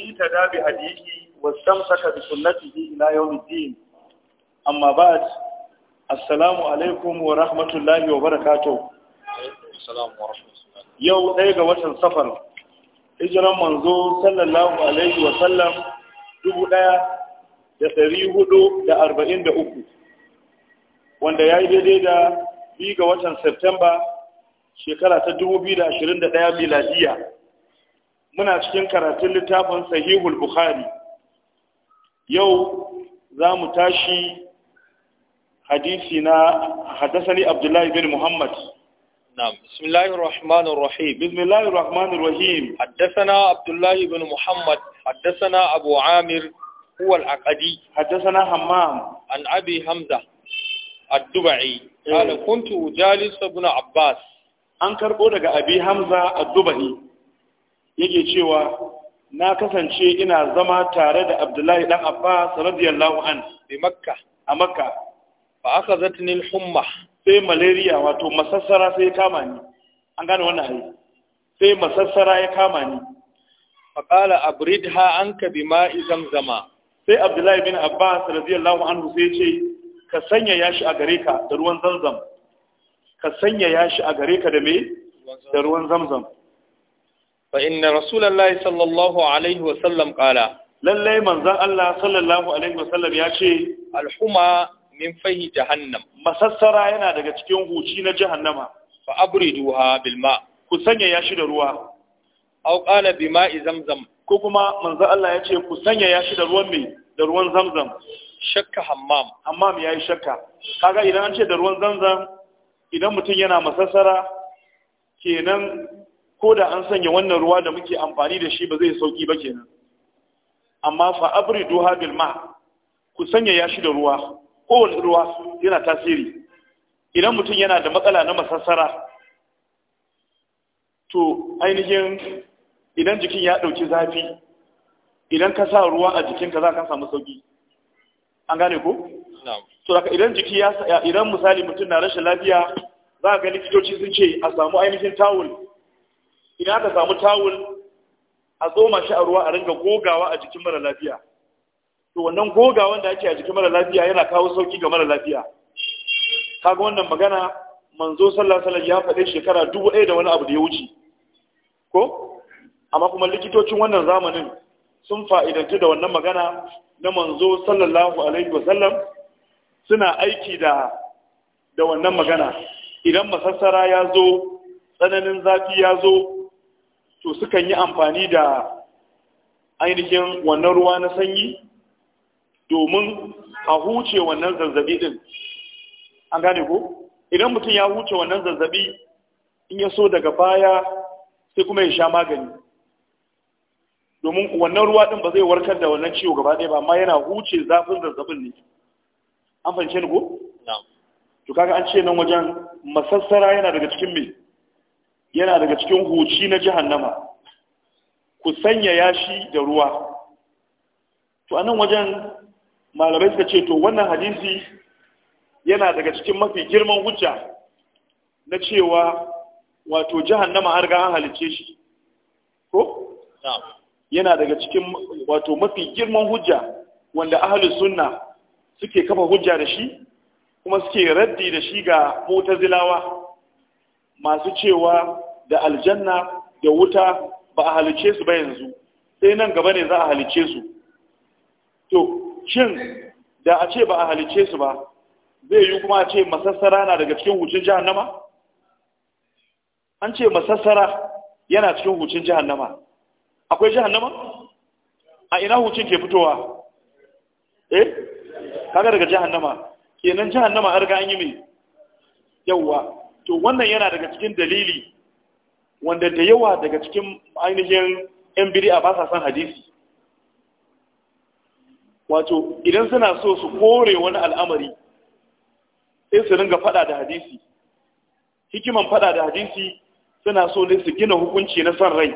yuhita da bi samsa wastamsaka bi sunnatihi ila yawm ad-din amma ba'd assalamu alaikum wa rahmatullahi wa barakatuh yau ɗaya ga watan safar hijran manzo sallallahu alaihi wa sallam dubu ɗaya da da da hudu arba'in uku, wanda ya yi daidai da bi ga watan september shekara ta dubu biyu da da ashirin 2021 miladiyya muna cikin karatun littafin sahihul bukhari yau za mu tashi hadisi na haddasani abdullahi bin muhammad نعم بسم الله الرحمن الرحيم بسم الله الرحمن الرحيم حدثنا عبد الله بن محمد حدثنا أبو عامر هو العقدي حدثنا همام عن أبي حمزة الدبعي قال كنت أجالس ابن عباس أنكر أولك أبي حمزة الدبعي yake cewa na kasance ina zama tare da abdullahi dan abbas radiyallahu an bi makka a makka fa akhazatni al-humma sai malaria wato masassara sai ya kama ni an gane wannan ai sai masassara ya kama ni fa qala abridha anka bima'i zamzama sai abdullahi bin abbas radiyallahu anhu sai ce ka sanya yashi a gare ka da ruwan zamzam ka sanya yashi a gare ka da me da ruwan zamzam fa inna rasulullahi sallallahu alaihi wa sallam qala lallai manzon Allah sallallahu alaihi wa sallam ya ce alhuma min fahi jahannam masassara yana daga cikin huci na jahannama fa abriduha bil ma ku sanya ya shi da ruwa aw qala bima'i zamzam ko kuma manzon Allah ya ce ku sanya yashi da ruwan me da ruwan zamzam shakka hammam hammam yayi shakka kaga idan an ce da ruwan zamzam idan mutum yana masassara kenan ko da an sanya wannan ruwa da muke amfani da shi ba zai sauki ba kenan amma fa abridu habil ma ku sanya yashi da ruwa kowane ruwa yana tasiri idan mutum yana da matsala na masassara to ainihin idan jikin ya ɗauki zafi idan ka sa ruwa a jikinka za ka samu sauki an gane ko? to daga idan jiki ya idan misali mutum na rashin lafiya za ga likitoci sun ce a samu ainihin tawul ina ta samu tawul a zoma shi a ruwa a ringa gogawa a jikin mara lafiya to wannan gogawan da ake a jikin mara lafiya yana kawo sauki ga mara lafiya kaga wannan magana manzo sallallahu alaihi ya faɗe shekara dubu ɗaya da wani abu da ya wuce ko amma kuma likitocin wannan zamanin sun fa'idanci da wannan magana na manzo sallallahu alaihi wasallam suna aiki da da wannan magana idan masassara ya zo tsananin zafi ya zo to sukan yi amfani da ainihin wannan ruwa na sanyi domin a huce wannan zazzabi din an gane ko idan mutum ya huce wannan zazzabi in ya so daga baya sai kuma ya sha magani domin wannan ruwa din ba zai warkar da wannan ciwo gaba ɗaya ba amma yana huce zafin zazzabin ne an fahimce ni ko to kaga an ce nan wajen masassara yana daga cikin mai yana daga cikin huci na jihannama ku sanya yashi da ruwa to anan wajen malamai suka ce to wannan hadisi yana daga cikin mafi girman hujja na cewa wato jahannama har ga an halice shi ko yana daga cikin wato mafi girman hujja wanda ahli sunna suke kafa hujja da shi kuma suke raddi da shi ga mutazilawa masu cewa da aljanna da wuta ba a halice su ba yanzu sai nan gaba ne za a halice su to shin da a ce ba a halice su ba zai yi kuma a ce masassara na daga cikin hucin jihannama? an ce masassara yana cikin hucin jihannama. akwai jihannama? a ina hucin ke fitowa eh kaga daga jihannama? kenan jihannama arga an yi mai yawwa to wannan yana daga cikin dalili wanda da yawa daga cikin ainihin yan biri ba sa son hadisi wato idan suna so su kore wani al'amari sai su ringa fada da hadisi hikiman fada da hadisi suna so ne su gina hukunci na san rai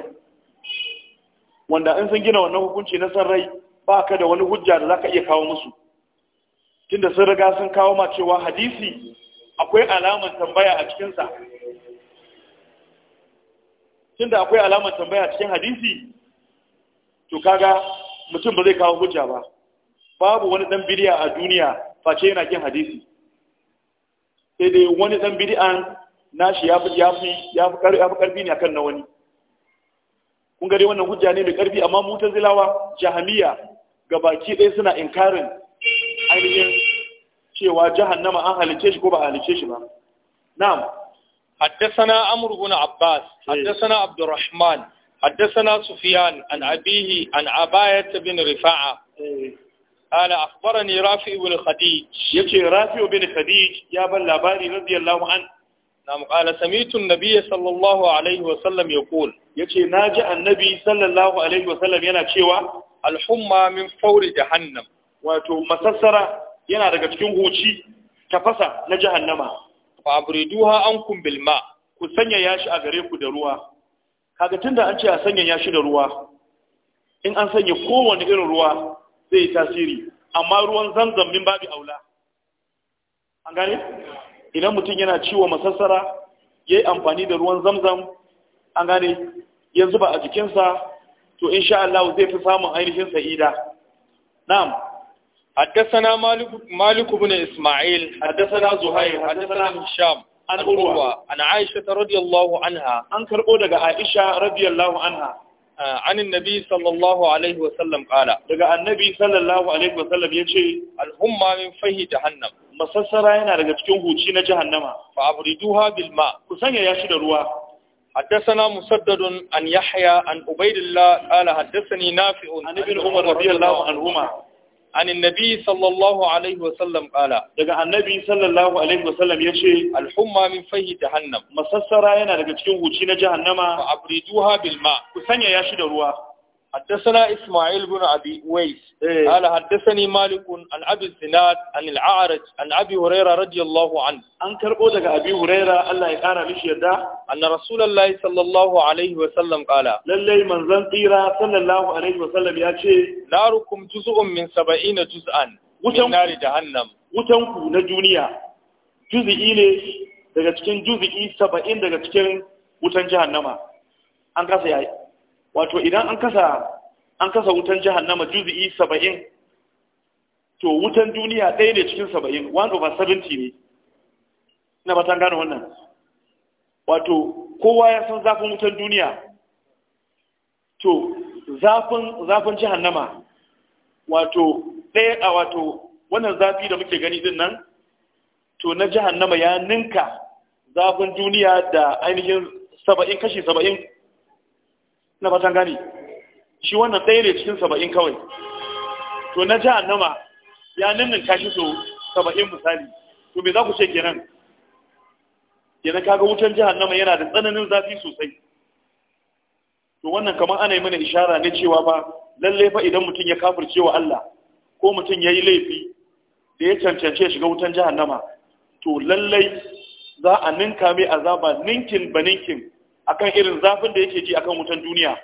wanda in sun gina wannan hukunci na san rai ba ka da wani hujja da za ka iya kawo musu tunda sun riga sun kawo ma cewa hadisi akwai alamar tambaya a cikinsa tunda akwai alamar tambaya a cikin hadisi to kaga mutum ba zai kawo hujja ba babu wani dan bidiya a duniya face yana kin hadisi sai dai wani dan bidi'an nashi ya fi ya fi ya fi karfi ne akan na wani kun ga dai wannan hujja ne mai karfi amma zilawa jahamiya gabaki ɗaya suna inkarin ainihin cewa jahannama an halice shi ko ba halice shi ba na'am حدثنا عمرو بن عباس حدثنا عبد الرحمن حدثنا سفيان عن أبيه عن عباية بن رفاعة قال أخبرني رافع بن خديج يبشي رافع بن خديج يا بن لاباري رضي الله عنه نعم قال سمعت النبي صلى الله عليه وسلم يقول يبشي ناجع النبي صلى الله عليه وسلم ينا شوى الحمى من فور جهنم واتو مسسرة yana daga cikin huci tafasa na jahannama fa abriduha ankum bil ma ku sanya yashi a gare ku da ruwa kaga tunda an ce a sanya yashi da ruwa in an sanya kowane irin ruwa zai yi tasiri amma ruwan zamzam min babi aula an gane idan mutum yana ciwo masassara yayi yi amfani da ruwan zamzam an gane yanzu ba a jikinsa to insha Allah zai fi samun ainihin sa'ida na'am حدثنا مالك مالك بن إسماعيل حدثنا زهير حدثنا هشام عن أروى عن عائشة رضي الله عنها عن كربودة عائشة رضي الله عنها عن النبي صلى الله عليه وسلم قال دقى النبي صلى الله عليه وسلم يجي الهمة من فيه جهنم مسسرة هنا دقى تكون هوتين جهنم فأبردوها بالماء كسانيا ياشد الروا حدثنا مسدد عن يحيى عن عبيد الله قال حدثني نافع عن ابن عمر رضي الله عنهما عن النبي صلى الله عليه وسلم قال daga annabi sallallahu alaihi wasallam yace alhumma min fahi jahannam masassara yana daga cikin huci na jahannama fa abriduha bil ma ku sanya yashi da ruwa حدثنا إسماعيل بن أبي ويس قال حدثني مالك عن أبي الزناد عن العارج عن أبي هريرة رضي الله عنه أن كربو دك أبي هريرة الله يقارى مش يدا أن رسول الله صلى الله عليه وسلم قال للي من زنقيرا صلى الله عليه وسلم يأتي ناركم جزء من سبعين جزءا من نار جهنم وتنكو نجونيا جزئي ne daga cikin juzi'i 70 daga cikin wutan jahannama an kasa yayi wato idan an kasa an kasa wutan jahannama juzi'i saba'in to wutan duniya ɗaya ne cikin saba'in one over seventy ne na batan gano wannan wato kowa ya san zafin wutan duniya to zafin zafin jahannama wato ɗaya a wato wannan zafi da muke gani din nan to na jahannama ya ninka zafin duniya da ainihin saba'in kashi saba'in na fatan gani shi wannan ɗaya ne cikin saba'in kawai to na nama ya nannin kashi so saba'in misali to me za ku ce kenan kenan kaga wutan nama yana da tsananin zafi sosai to wannan kamar ana yi mana ishara ne cewa ba lallai fa idan mutum ya kafirce wa Allah ko mutum ya yi laifi da ya cancance shiga wutan jahannama to lallai za a ninka mai azaba ninkin ba ninkin akan irin zafin da yake ji akan wutan duniya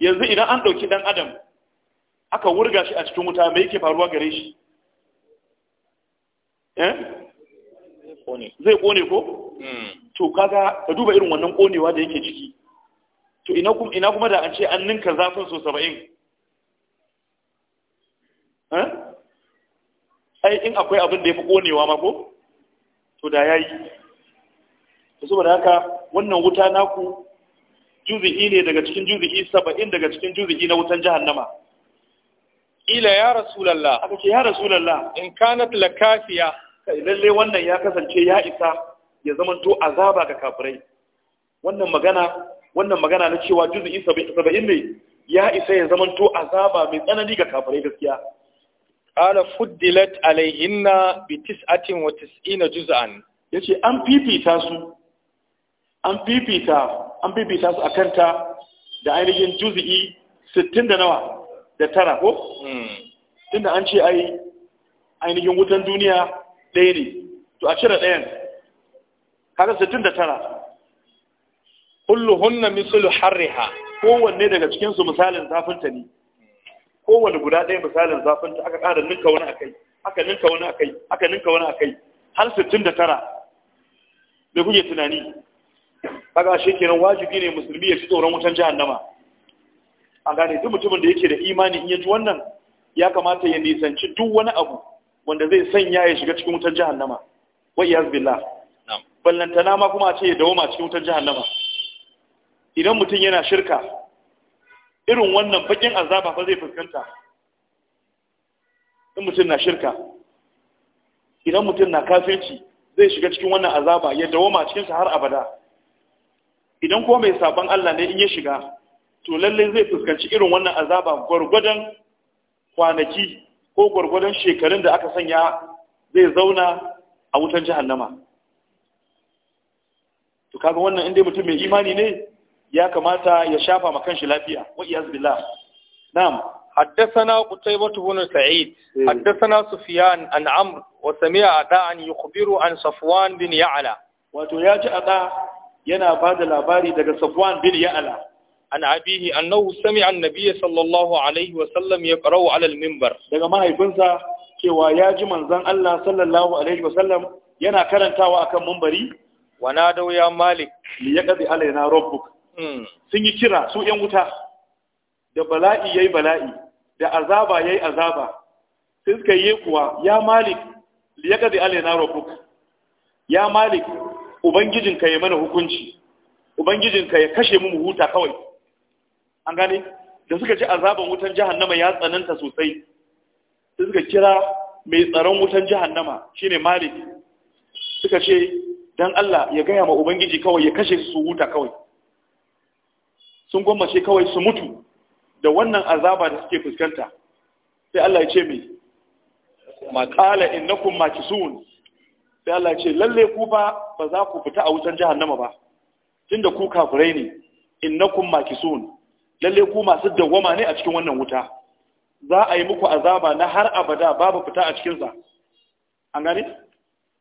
yanzu idan an ɗauki ɗan adam aka wurga shi a cikin wuta mai yake faruwa gare shi eh? zai ƙone ko? Hmm. to kaga ka duba irin wannan ƙonewa da yake ciki to ina kuma da an ce an ninka zafin so eh ai in akwai abin da ya fi ƙonewa mako to da ya yi saboda haka wannan wuta naku juzi'i ne daga cikin juzi'i saba'in daga cikin juzi'i na wutan jahannama ila ya rasulallah aka ce ya rasulallah in kanat la kafiya lalle wannan ya kasance ya isa ya to azaba ga kafirai wannan magana wannan magana na cewa juzi'i saba'in ne ya isa ya to azaba mai tsanani ga kafirai gaskiya qala fuddilat alayhinna bi 99 juz'an yace an fifita su an fifita an fifita su akan ta da ainihin juzi'i 60 da nawa da tara ko hmm. tunda an ce ai ainihin wutan duniya ɗaya ne to a cire ɗayan kaga kullu hunna mislu harriha kowanne daga cikin su misalin zafinta ne kowanne guda ɗaya misalin zafinta aka ƙara ninka wani akai aka ninka wani akai aka ninka wani akai har da tara me kuke tunani kaga shi kenan wajibi ne musulmi ya ji tsoron wutan jahannama an gane duk mutumin da yake da imani in ya ji wannan ya kamata ya nisanci duk wani abu wanda zai sanya ya shiga cikin wutan jahannama wa iyaz billah ballantana ma kuma a ce ya dawoma cikin wutan jahannama idan mutum yana shirka irin wannan bakin azaba fa zai fuskanta in mutum na shirka idan mutum na kafirci zai shiga cikin wannan azaba ya dawoma cikinsa har abada idan ko mai sabon Allah ne in ya shiga to lallai zai fuskanci irin wannan azaba gwargwadon kwanaki ko gwargwadon shekarun da aka sanya zai zauna a wutan jahannama to kaga wannan inda mutum mai imani ne ya kamata ya shafa ma kanshi lafiya wa iyaz billah na'am eh. an قتيبة بن سعيد حدثنا سفيان عن عمرو وسمع yukhbiru an safwan bin ya'la wato ya ji ada yana ba da labari daga Safwan bin Ya'la an abihi annahu sami'a an-nabiy sallallahu alaihi wa sallam yaqra'u 'ala al-minbar daga mahaifinsa cewa ya ji manzon Allah sallallahu alaihi wa sallam yana karantawa akan minbari wa nadaw ya malik li yaqdi alaina rabbuk hmm. sun yi kira su yan wuta da bala'i yayi bala'i da azaba yayi azaba sai suka yi kuwa ya malik li yaqdi alaina rabbuk ya malik ubangijinka ya mana hukunci ubangijinka ya kashe mu huta kawai an gane da suka ci azaban wutan jahannama ya tsananta sosai sai suka kira mai tsaron wutan jahannama shine malik suka ce dan Allah ya gaya ma ubangiji kawai ya kashe su huta kawai sun gwammace kawai su mutu da wannan azaba da suke fuskanta sai Allah ya ce mai qala innakum makisun sai Allah ce lalle ku ba ba za ku fita a wutan jahannama ba tunda ku kafirai ne innakum makisun lalle ku masu dawwama ne a cikin wannan wuta za a yi muku azaba na har abada babu fita a cikin sa an gane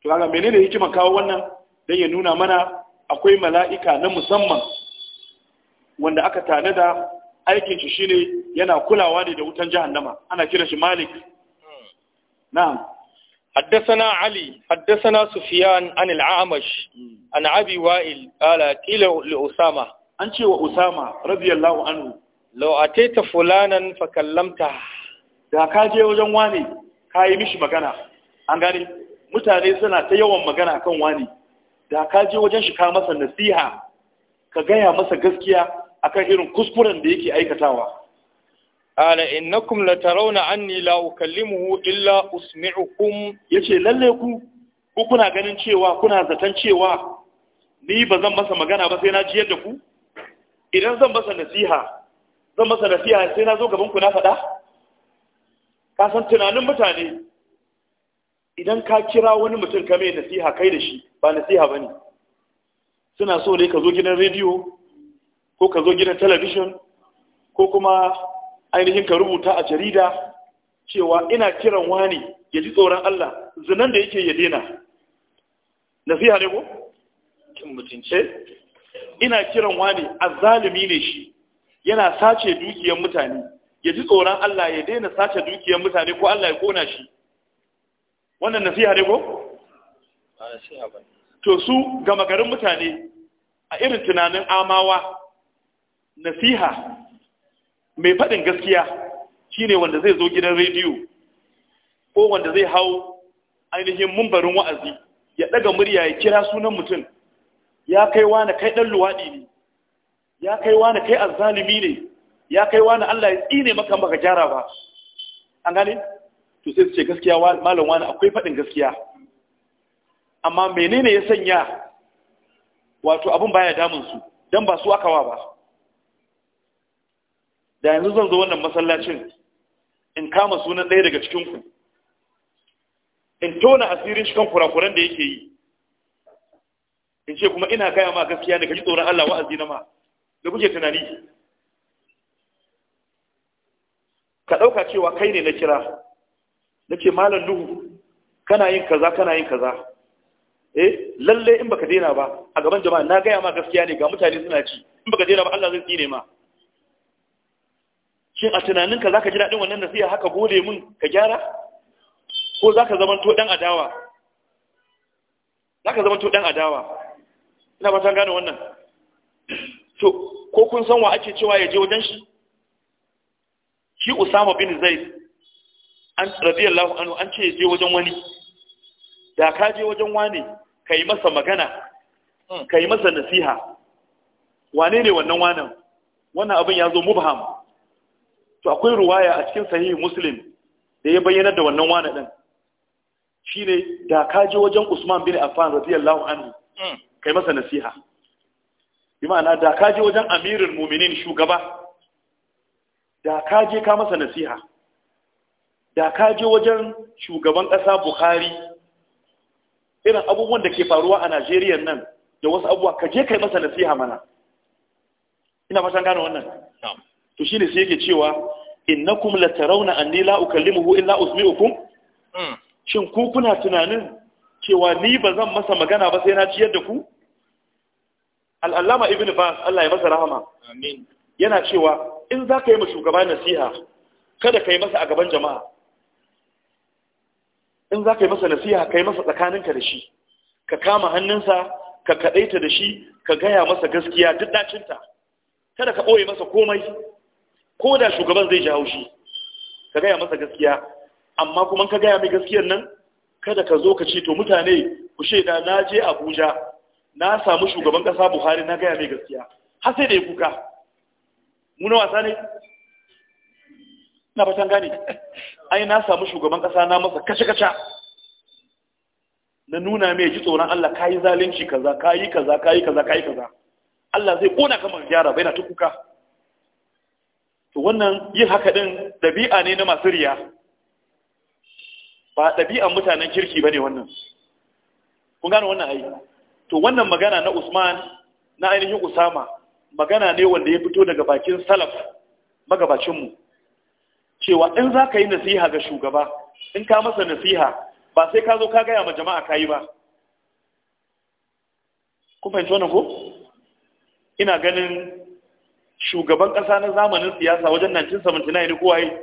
to kaga menene hikiman kawo wannan dan ya nuna mana akwai mala'ika na musamman wanda aka da aikin shi shine yana kulawa ne da wutan jahannama ana kira shi malik hmm. na'am حدثنا علي حدثنا سفيان عن العامش عن أبي وائل قال قيل لأسامة أن شيء أسامة رضي الله عنه لو أتيت فلانا فكلمته da ka je wajen wani ka yi mishi magana an gane mutane suna ta yawan magana kan wani da ka je wajen shi ka masa nasiha ka gaya masa gaskiya akan irin kuskuren da yake aikatawa qala innakum latarawna anni la ukallimuhu illa usmi'ukum yace lalle ku ku kuna ganin cewa kuna zaton cewa ni ba zan masa magana ba sai na jiyar da ku idan zan masa nasiha zan masa nasiha sai na zo gaban ku na faɗa ka san tunanin mutane idan ka kira wani mutum ka mai nasiha kai da shi ba nasiha ba ne suna so ne ka zo gidan rediyo ko ka zo gidan talabishin ko kuma ainihin ka rubuta a jarida cewa ina kiran wani ya ji tsoron Allah zinan da yake ya dena nasiha ne ko kin mutunce eh? ina kiran wani azzalimi ne shi yana sace dukiyar mutane ya ji tsoron Allah ya daina sace dukiyar mutane ko Allah ya kona shi wannan nasiha ne ko to su gama garin mutane a irin tunanin amawa nasiha mai faɗin gaskiya shine wanda zai zo gidan rediyo ko wanda zai hau ainihin mumbarin wa'azi ya ɗaga murya ya kira sunan mutum ya kai wani kai ɗan luwaɗi ne ya kai wani kai azzalimi ne ya kai wani Allah ya tsine maka baka gyara ba an gane to sai su ce gaskiya malam wani akwai faɗin gaskiya amma menene ya sanya wato abin baya damun su dan ba su aka wa ba da yanzu zan zo wannan masallacin in kama sunan ɗaya daga cikinku in tona asirin shi kan kurakuran da yake yi in ce kuma ina gaya ma gaskiya da kaji tsoron Allah wa'azi na ma da kuke tunani ka ɗauka cewa kai ne na kira na ce malam duhu kana yin kaza kana yin kaza eh lalle in baka daina ba a gaban jama'a na gaya ma gaskiya ne ga mutane suna ci in baka daina ba Allah zai tsine ma shin a tunaninka za ka ji daɗin wannan nasiha haka gode mun ka gyara ko za ka zamanto ɗan adawa za ka zamanto ɗan adawa ina ba ta gane wannan to ko kun san wa ake cewa ya je wajen shi shi usama bin zaid an radiyallahu anhu an ce ya je wajen wani da ka je wajen wani ka yi masa magana ka yi masa nasiha wane ne wannan wanan wannan abin ya zo mubham to akwai ruwaya a cikin sahihi muslim da ya bayyana da wannan wani Shi shine da ka je wajen usman bin affan radiyallahu anhu hmm. kai masa nasiha bi ma'ana da ka je wajen amirul mu'minin shugaba da ka je ka masa nasiha da ka je wajen shugaban ƙasa buhari irin abubuwan da ke faruwa a najeriya nan da wasu abubuwa ka je kai masa nasiha mana ina fatan gane wannan to shine sai yake cewa innakum latarawna anni la ukallimuhu illa usmi'ukum hmm. shin ku kuna tunanin cewa ni bazan masa magana ba sai na ciyar da ku al-allama ibnu bas Allah ya masa rahama amin yana cewa in za ka yi ma shugaba nasiha kada ka yi masa a gaban jama'a in za ka yi masa nasiha ka yi masa tsakaninka da shi ka kama hannunsa ka kaɗaita da shi ka gaya masa gaskiya duk dacinta kada ka boye masa komai ko da shugaban zai ji haushi ka gaya masa gaskiya amma kuma ka gaya mai gaskiyar nan kada ka zo ka ce to mutane ku da na je abuja na samu shugaban kasa buhari na gaya mai gaskiya har sai da ya kuka muna wasa ne na fatan gane ai na samu shugaban kasa na masa kace-kace na nuna mai ji tsoron Allah kayi zalunci kaza kayi kaza kayi kaza kayi kaza Allah zai kona kamar gyara bai na ta kuka to wannan yin haka din ɗabi'a ne na masu riya ba ɗabi'an mutanen kirki ba ne wannan kun gane wannan ai to wannan magana na usman na ainihin usama magana ne wanda ya fito daga bakin salaf magabacinmu cewa in za ka yi nasiha ga shugaba in ka masa nasiha ba sai ka zo ka gaya ma jama'a ka yi ba Ku fahimci wannan ko ina ganin shugaban ƙasa na zamanin siyasa wajen 1979 ne yi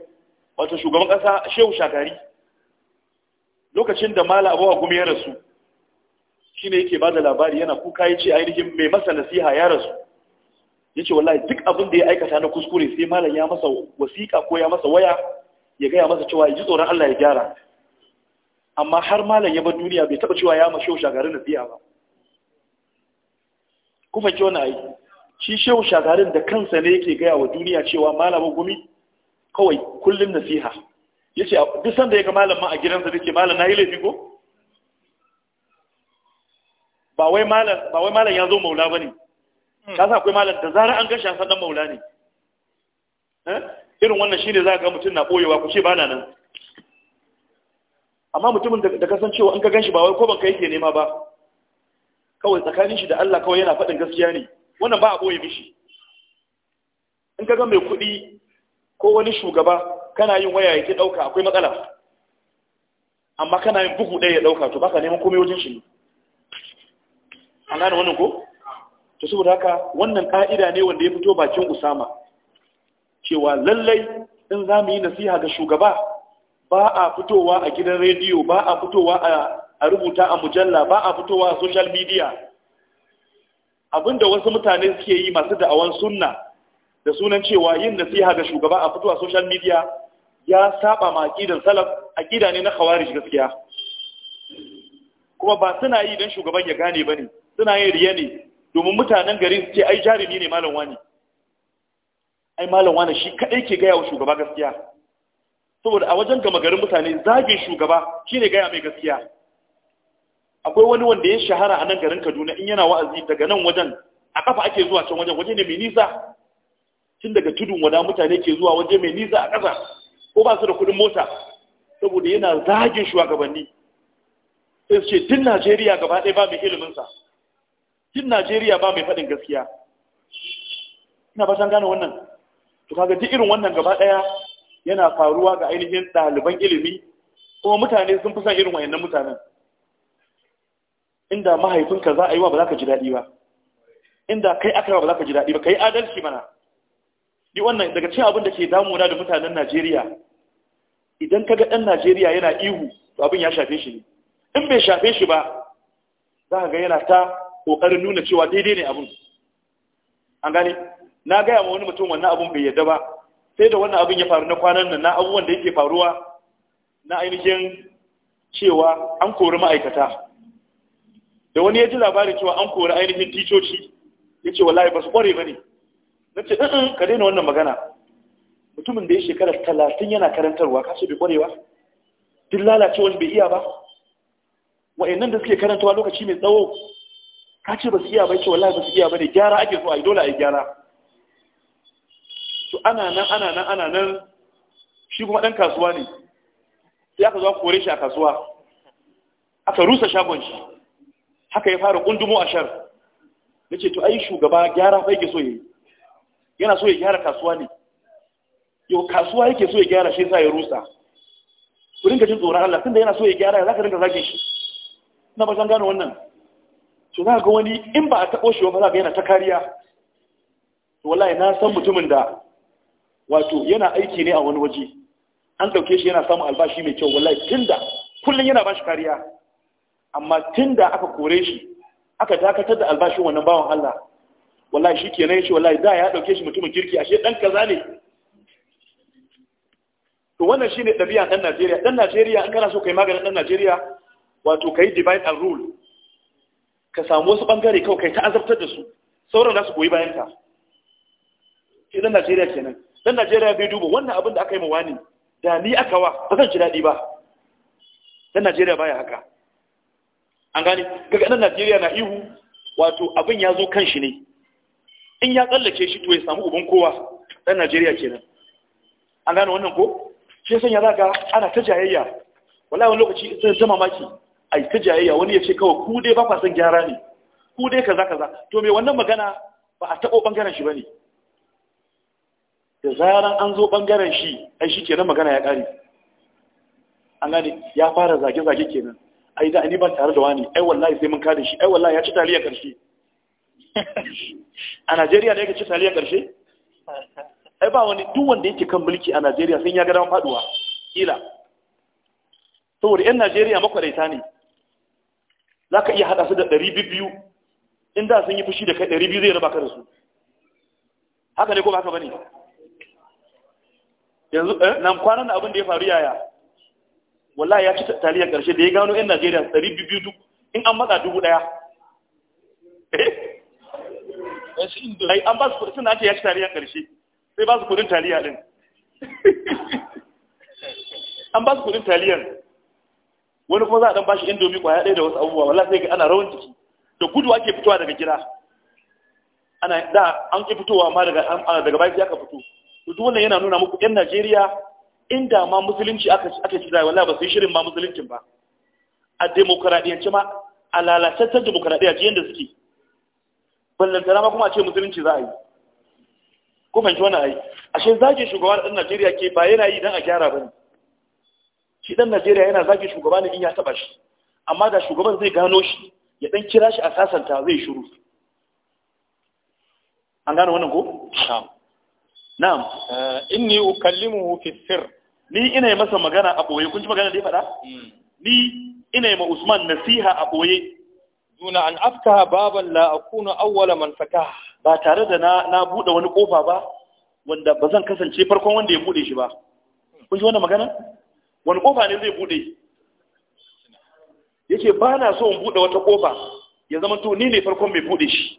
wata shugaban ƙasa shehu shagari lokacin da mala abuwa gumi ya rasu shi ne yake ba da labari yana kuka ya ce ainihin mai masa nasiha ya rasu ya ce wallahi duk abin da ya aikata na kuskure sai malam ya masa wasiƙa ko ya masa waya ya gaya masa cewa ya ji tsoron allah ya gyara amma har malam ya bar duniya bai taɓa cewa ya ma shehu shagari nasiha ba kuma ce wani aiki shi shehu shagarin da kansa ne yake gaya wa duniya cewa malamin gumi kawai kullum nasiha ya ce duk sanda ya ga malamin a gidansa da ke malam na yi laifi ko ba wai malam ya zo maula ba ne ka sa akwai malam da zara an gashi a sannan maula ne eh? irin wannan shi ne za a ga mutum na ɓoyewa, ku ce ba na nan amma mutumin da cewa an ka ganshi ba wai ko ban kai yake nema ba kawai tsakanin shi da Allah kawai yana faɗin gaskiya ne wannan ba a ɓoye mishi in ka ga mai kuɗi ko wani shugaba kana yin waya yake ɗauka akwai matsala amma kana yin bugu ɗaya ya ɗauka to baka neman komai wajen shi ne an gane wannan ko to saboda haka wannan ƙa'ida ne wanda ya fito bakin usama cewa lallai in za mu yi nasiha ga shugaba ba a fitowa a gidan rediyo ba a fitowa a rubuta a mujalla ba a fitowa a social media abinda wasu mutane suke yi masu da'awan sunna da sunan cewa yin nasiha ga shugaba a fito a social media ya saba ma aqidan salaf aqida ne na khawarij gaskiya kuma ba suna yi dan shugaban ya gane bane suna yin riya ne domin mutanen gari su ce ai jarumi ne malam wani ai malam wani shi kadai ke gaya wa shugaba gaskiya saboda a wajen gama garin mutane zagin shugaba shine gaya mai gaskiya akwai wani wanda ya shahara a nan garin kaduna in yana wa'azi daga nan wajen a kafa ake zuwa can wajen waje ne mai nisa tun daga tudun wada mutane ke zuwa waje mai nisa a ƙasa ko ba su da kuɗin mota saboda yana zagin shugabanni sai su ce tun najeriya gaba ɗaya ba mai iliminsa tun najeriya ba mai faɗin gaskiya ina ba san gane wannan to kaga duk irin wannan gaba ɗaya yana faruwa ga ainihin ɗaliban ilimi kuma mutane sun fi son irin wayannan mutanen inda mahaifinka za a yi wa ba za ka ji daɗi ba inda kai aka yi wa ba za ka ji daɗi ba ka yi adalci mana Yi wannan daga cin abin da ke damuna da mutanen najeriya idan ka ga ɗan najeriya yana ihu to abin ya shafe shi ne in bai shafe shi ba za ka ga yana ta ƙoƙarin nuna cewa daidai ne abin an gane na gaya ma wani mutum wannan abin bai yadda ba sai da wannan abin ya faru na kwanan nan na abubuwan da yake faruwa na ainihin cewa an kori ma'aikata da wani ya ji labarin cewa an kori ainihin ticoci ya ce wallahi ba su kware ba ne na ce ɗin ka daina wannan magana mutumin da ya shekara talatin yana karantarwa ka ce bai kware ba duk wani bai iya ba wa'annan da suke karantawa lokaci mai tsawo ka ce ba su iya ba ya ce wallahi ba su iya ba ne gyara ake so a yi dole a yi gyara to ana nan ana nan ana nan shi kuma ɗan kasuwa ne sai aka zo kore shi a kasuwa aka rusa shagon shi haka ya fara kundumo a shar ya ce to ai shugaba gyara fa ke so ya yi yana so ya gyara kasuwa ne yau kasuwa yake so ya gyara shi sa ya rusa ku rinka jin tsoron Allah tunda yana so ya gyara za ka rinka zage shi na ba san gane wannan to za ga wani in ba a taɓo shi ba za ga yana ta kariya to wallahi na san mutumin da wato yana aiki ne a wani waje an ɗauke shi yana samun albashi mai kyau wallahi tunda kullum yana ba shi kariya amma tun da aka kore shi aka dakatar da albashin wannan bawan Allah wallahi shi kenan yace wallahi da ya dauke shi mutumin kirki ashe dan kaza ne to wannan shine dabi'a dan Najeriya dan Najeriya an kana so kai maganin dan Najeriya wato kai divide and rule ka samu wasu bangare kawai kai ta azabtar da su sauran za su goyi bayan ka dan Najeriya kenan dan Najeriya bai duba wannan abin da aka yi mu wani da ni aka wa ba zan ji dadi ba dan Najeriya baya haka an gani kaga nan Najeriya na ihu wato abin ya zo kan shi ne in ya tsallake shi to ya samu uban kowa dan Najeriya kenan an gani wannan ko shi yasan ya zaga ana ta jayayya wallahi wani lokaci sai ta mamaki ai ta jayayya wani ya ce kawai ku dai ba fa son gyara ne ku dai kaza kaza to me wannan magana ba a taɓo bangaren shi bane da zaran an zo bangaren shi ai shi kenan magana ya ƙare an gani ya fara zage-zage kenan ai da ni ba tare da wani ai wallahi sai mun kada shi ai wallahi ya ci taliya karshe a Najeriya da yake ci taliya karshe ai ba wani duk wanda yake kan mulki a Najeriya sai ya ga dama faduwa kila saboda yan Najeriya makwaraita ne zaka iya hada su da 200 in sun yi fushi da kai 200 zai raba ka da su haka ne ko ba haka bane yanzu eh, nan kwanan abin da ya faru yaya wallahi ya ci taliyar karshe da ya gano yan najeriya ɗari biyu duk in an matsa dubu ɗaya eh? an ba su kudin suna ce ya ci taliyar karshe sai ba su kudin taliya ɗin an ba su kudin taliyar wani kuma za a ɗan ba shi indomi kwaya ɗaya da wasu abubuwa wallahi sai ga ana rawan jiki da gudu ake fitowa daga gida ana da an ki fitowa ma daga daga baki aka fito to duk wannan yana nuna muku yan Najeriya inda ma musulunci aka ci wala ba su yi shirin ma musuluncin ba a demokaradiyance ma a lalatattar demokaradiyya ce yadda suke ballantara ma kuma a ce musulunci za a yi ko fahimci wani a ashe zage shugaba ɗan najeriya ke ba yana yi don a gyara ba ne shi ɗan najeriya yana zage shugaba ne in ya taɓa shi amma da shugaban zai gano shi ya ɗan kira shi a sasanta zai shuru an gano wannan ko na'am eh, inni ukallimuhu fi sirr ni ina yi masa magana a ɓoye kun ji magana da ya faɗa mm. ni ina yi ma usman nasiha a ɓoye duna an afka baban la akuna awwala man saka. ba tare da na na wani ƙofa ba wanda ba zan kasance farkon wanda ya buɗe shi ba kun ji wannan magana wani ƙofa ne zai buɗe? yace ba na so in buɗe wata ƙofa. ya zama to ni ne farkon mai buɗe shi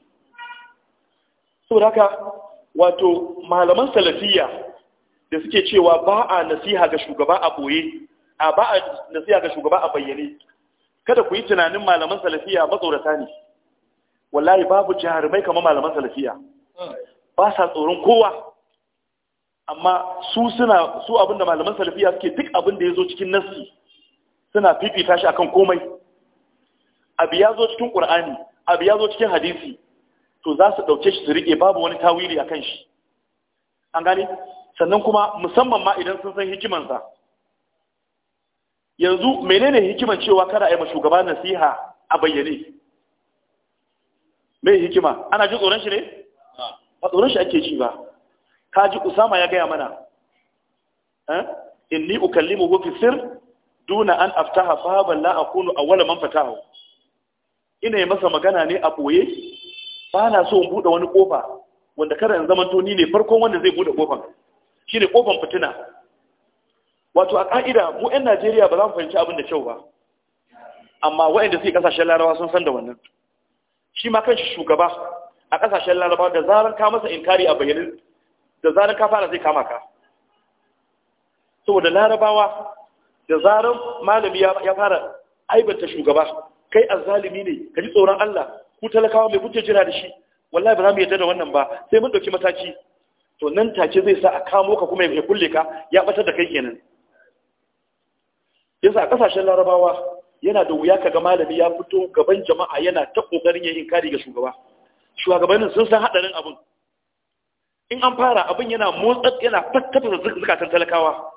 saboda haka wato malaman salafiyya da suke cewa ba a nasiha ga shugaba a boye a ba a nasiha ga shugaba a bayyane kada ku yi tunanin malaman salafiya matsorata ne wallahi babu jarumai kamar malaman salafiya ba sa tsoron kowa amma su suna su abinda malaman salafiya suke duk abinda ya zo cikin nassi suna fifita shi akan komai abu ya zo cikin ƙur'ani abu ya zo cikin hadisi to za su ɗauke shi su riƙe babu wani tawili akan shi an gane sannan kuma musamman ma idan sun san hikimansa yanzu menene hikiman cewa kada a yi shugaba nasiha a bayyane mai hikima ana jin tsoron shi ne ba tsoron shi ake ci ba ka ji usama ya gaya mana eh, inni ukallimu hu fi sir duna an aftaha la'a kunu a wala man fatahu ina yi masa magana ne a ɓoye? ba na so in buɗe wani ƙofa. wanda kada in zamanto ni ne farkon wanda zai buɗe ƙofan? shi ne ƙofan fitina wato a ƙa'ida mu 'yan najeriya ba za mu fahimci abin da kyau ba amma waɗanda suke ƙasashen larawa sun san da wannan shi ma kanshi shugaba a ƙasashen larawa da zarar ka masa inkari a bayanin da zarar ka fara zai kama ka saboda larabawa da zarar malami ya fara aibanta shugaba kai azzalimi ne ka ji tsoron Allah ku talakawa mai kuke jira da shi wallahi ba za mu yarda da wannan ba sai mun ɗauki mataki to nan take zai sa a kamo ka kuma ya kulle ka ya batar da kai kenan yasa a kasashen larabawa yana da wuya kaga malami ya fito gaban jama'a yana ta kokarin yin inkari ga shugaba shugabannin sun san hadarin abin in an fara abin yana motsa yana fattafa zukatan talakawa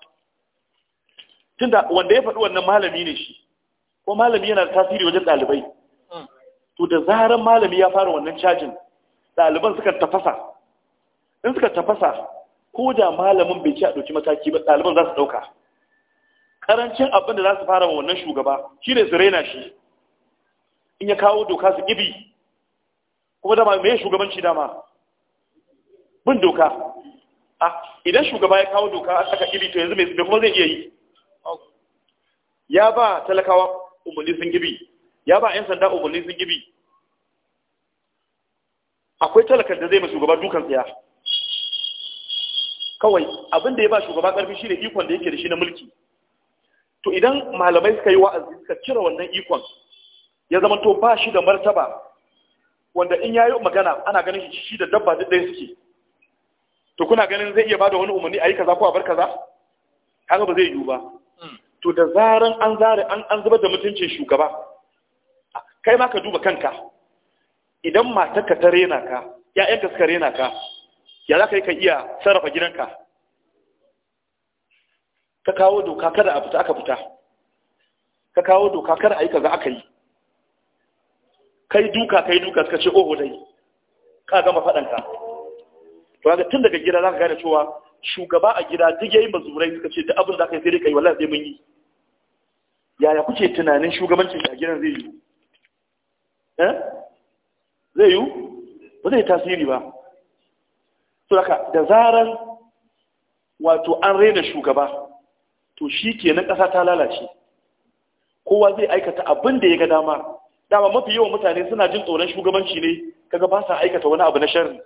tunda wanda ya faɗi wannan malami ne shi ko malami yana da tasiri wajen ɗalibai hmm. to da zaran malami ya fara wannan cajin ɗaliban suka tafasa in suka tafasa ko da malamin bai ci a ɗauki mataki ba ɗaliban za su ɗauka ƙarancin abin da za su fara wannan shugaba shi ne su raina shi in ya kawo doka su gibi kuma dama mai shugabanci dama bin doka a idan shugaba ya kawo doka a saka gibi to yanzu mai kuma zai iya yi ya ba talakawa umarni sun gibi ya ba 'yan sanda umarni sun gibi akwai talakar da zai mai shugaba dukan tsaya kawai abin da ya ba shugaba karfi shi ne ikon da yake da shi na mulki to idan malamai suka yi wa'azi suka cire wannan ikon ya zama to ba shi da martaba wanda in yayi magana ana ganin shi da dabba duk ɗaya suke to kuna ganin zai iya bada wani umarni a yi kaza ko a bar kaza kaga ba zai yiwu ba hmm. to da zaran an zare an an zubar da mutuncin shugaba kai ma ka duba kanka idan matarka ta rena ka ya'yanka suka rena ka ya za ka yi ka iya sarrafa gidanka ka kawo doka kada a fita aka fita ka kawo doka kada a yi kaza aka yi kai duka kai duka suka ce oho dai ka gama faɗanka to ga tun daga gida za ka gane cewa shugaba a gida duk yayi mazurai suka ce duk abin da ka yi sai dai kai wallahi sai mun yi yaya kuke tunanin shugabancin a gidan zai yi eh zai yi ba zai tasiri ba haka da zaran wato an raina shugaba to shi kenan ƙasa ta lalace kowa zai aikata abin da ya ga dama dama mafi yawan mutane suna jin tsoron shugabanci ne kaga ba sa aikata wani abu na sharri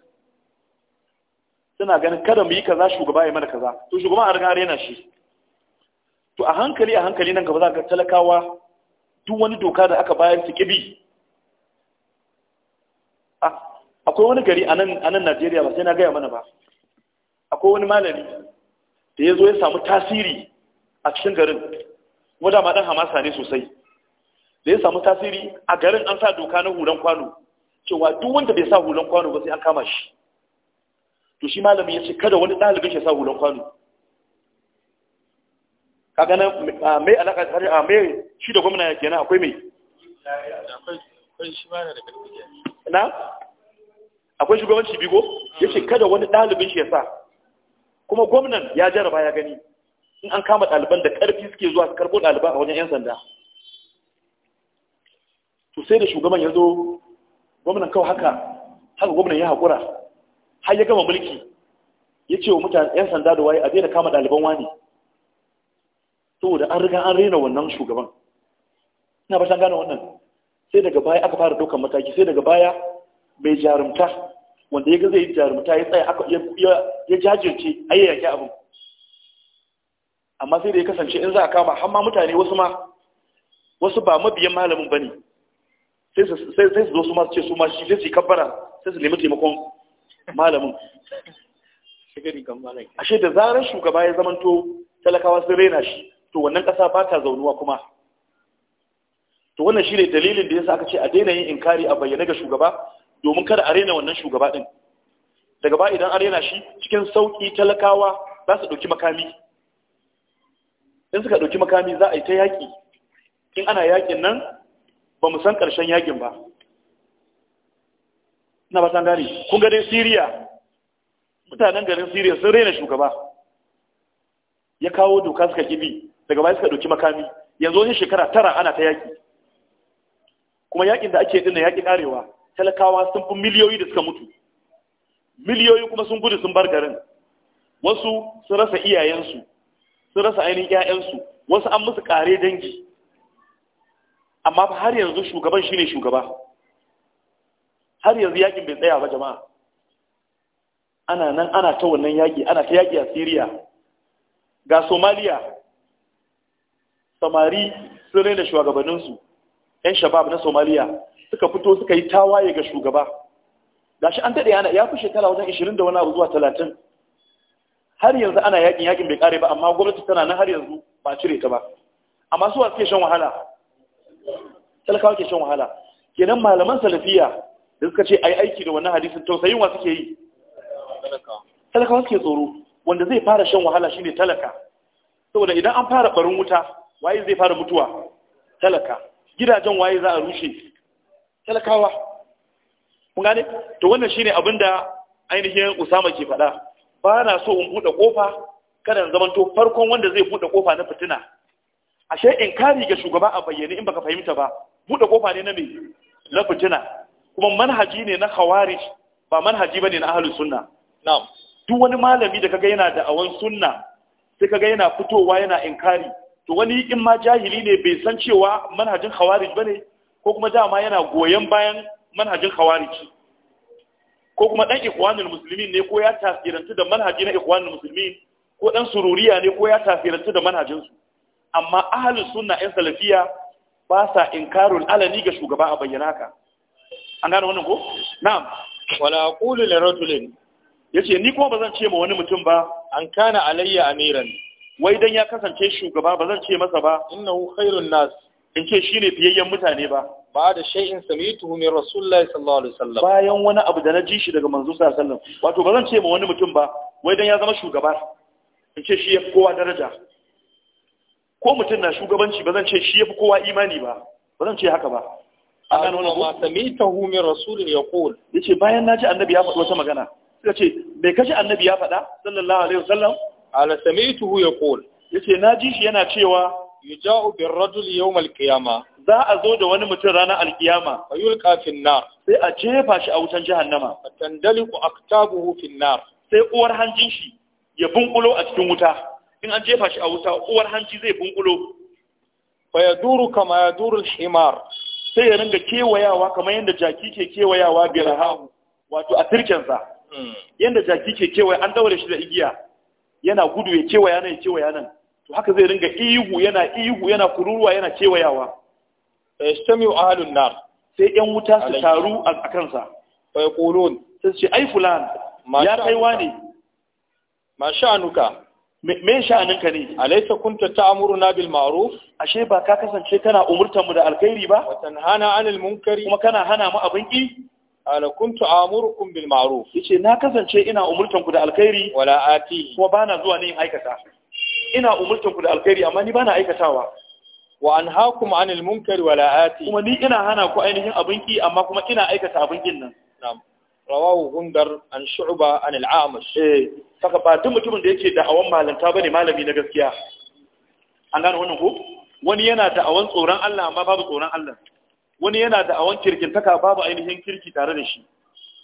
suna ganin kada mu yi kaza shugaba ya mana kaza to shugaba an riga rena shi to a hankali a hankali nan gaba za ka talakawa duk wani doka da aka bayar ta kibi akwai wani gari a nan najeriya ba sai na gaya mana ba akwai wani malami da ya zo ya samu tasiri a cikin garin wadda ma dan hamasa ne sosai da ya samu tasiri a garin an sa doka na hulan kwano cewa duk wanda bai sa hulan kwano ba sai an kama shi to shi malami ya ce kada wani ɗalibin shi sa hulan kwano kaga nan mai alaka tsari a mai shi da gwamna ya kenan akwai mai na akwai shugabanci bigo ya ce mm. kada wani ɗalibin shi ya sa kuma gwamnan ya jaraba ya gani in an kama ɗaliban da ƙarfi suke zuwa su karɓo ɗaliban a wajen 'yan sanda to sai da shugaban ya zo gwamnan kawai haka haka gwamnan ya haƙura har ya gama mulki ya ce wa mutane 'yan sanda da waye a da kama ɗaliban wani saboda an riga an rena wannan shugaban ina ba shan gane wannan sai daga baya aka fara ɗaukar mataki sai daga baya mai jarumta wanda ya ga zai jarumta ya aka ya jajirce a ya yake abin amma sai da ya kasance in za a kama hamma mutane wasu ma wasu ba mabiyan malamin ba ne sai su zo su masu ce su ma shi sai su yi kabbara sai su nemi taimakon malamin ashe da zarar shugaba ya zamanto talakawa sun raina shi to wannan ƙasa ba ta zaunuwa kuma to wannan shi ne dalilin da ya sa aka ce a daina yin inkari a bayyane ga shugaba domin kada a rena wannan shugaba din daga ba idan an rena shi cikin sauki talakawa za su ɗauki makami in suka ɗauki makami za a yi ta yaƙi in ana yaƙin nan ba mu san ƙarshen yaƙin ba na ba san gane kun dai siriya mutanen garin siriya sun raina shugaba ya kawo doka suka bi daga ba suka ɗauki makami yanzu wani shekara tara ana ta yaƙi kuma yaƙin da ake dinna yaƙi ƙarewa talakawa sun fi miliyoyi da suka mutu miliyoyi kuma sun gudu sun bar garin wasu sun rasa iyayensu sun rasa ainihin 'ya'yansu wasu an musu kare dangi amma fa har yanzu shugaban shi ne shugaba har yanzu yakin bai tsaya ba jama'a ana nan ana ta wannan yaƙi, ana ta yaƙi a siriya. ga Somalia samari sun da shugabanninsu 'yan shabab na Somalia suka fito suka yi tawaye ga shugaba shi an daɗe ana ya fi shekara wajen 20 da wani abu zuwa 30 har yanzu ana yakin yakin bai kare ba amma gwamnati tana nan har yanzu ba cire ta ba amma su suke shan wahala talakawa ke shan wahala kenan malaman salafiya da suka ce ai aiki da wannan hadisin tausayin wa suke yi talakawa suke tsoro wanda zai fara shan wahala shine talaka saboda idan an fara barin wuta waye zai fara mutuwa talaka gidajen waye za a rushe talakawa mun to wannan shine abin da ainihin usama ke faɗa ba na so in buɗe ƙofa kada in zamanto farkon wanda zai buɗe ƙofa na fitina ashe in kari ga shugaba a bayyane in baka fahimta ba buɗe ƙofa ne na me na fitina kuma manhaji ne na khawarij ba manhaji bane na ahlus sunna na'am duk wani malami da kaga yana da'awan sunna sai kaga yana fitowa yana inkari to wani in ma jahili ne bai san cewa manhajin khawarij bane ko kuma dama yana goyon bayan manhajin khawarij ko kuma dan ikhwanul muslimin ne ko ya tasirantu da manhaji na ikhwanul muslimin ko dan sururiya ne ko ya tasirantu da manhajin su amma ahlus sunna ɗan salafiya ba sa inkarul alani ga shugaba a bayyana ka an gane wannan ko na'am wala aqulu li rajulin yace ni kuma bazan ce ma wani mutum ba an kana alayya amiran wai dan ya kasance shugaba bazan ce masa ba innahu khairun nas in ce shi ne fiyayyen mutane ba ba da shay'in sami'tuhu min rasulullahi sallallahu alaihi wasallam bayan wani abu da na ji shi daga manzo sallallahu alaihi wasallam wato ba zan ce ma wani mutum ba wai dan ya zama shugaba in ce shi yafi kowa daraja ko mutum na shugabanci ba zan ce shi yafi kowa imani ba ba zan ce haka ba an gano ba ma sami'tuhu min rasulin yaqul yace bayan naji annabi ya faɗi wata magana suka ce bai kashi annabi ya faɗa sallallahu alaihi wasallam ala Ya yaqul yace naji shi yana cewa yuja'u bir rajul yawm al-qiyama za a zo da wani mutum ranar al-qiyama fa yulqa fi nar sai a jefa shi a wutan jahannama tandaliqu aktabuhu fi nar sai uwar hanjin shi ya bunkulo a cikin wuta in an jefa shi a wuta uwar hanji zai bunkulo fa yaduru kama yaduru al-himar sai ya ringa kewayawa kamar yadda jaki ke kewayawa bi rahahu wato a sa, hmm. yadda jaki ke kewaye an daure shi da igiya yana gudu ya kewaya nan ya kewaya nan to haka zai ringa ihu yana ihu yana kururuwa yana kewayawa eh, istamiu ahlun nar sai yan wuta su taru a kansa fa yaqulun sai ce ai fulan ya kaiwa ne ma me sha'aninka ne alaysa kunta ta'muruna bil ma'ruf ashe ba ka kasance kana umurtan mu da alkhairi ba wa tanhana 'anil munkari kuma kana hana mu abin ki ala kuntu amurukum bil ma'ruf yace na kasance ina umurtan ku da alkhairi wala ati kuma bana zuwa ne in aikata ina umurtanku da alkhairi amma ni bana aikatawa wa anhaakum anil munkari wala ati kuma ni ina hana ku ainihin abin ki amma kuma ina aikata abin kin nan na'am rawahu gundar an shu'ba an al-a'mash eh saka ba duk mutumin da yake da'awan malanta bane malami na gaskiya an gane wannan ku? wani yana da'awan tsoron Allah amma babu tsoron Allah wani yana da'awan taka babu ainihin kirki tare da shi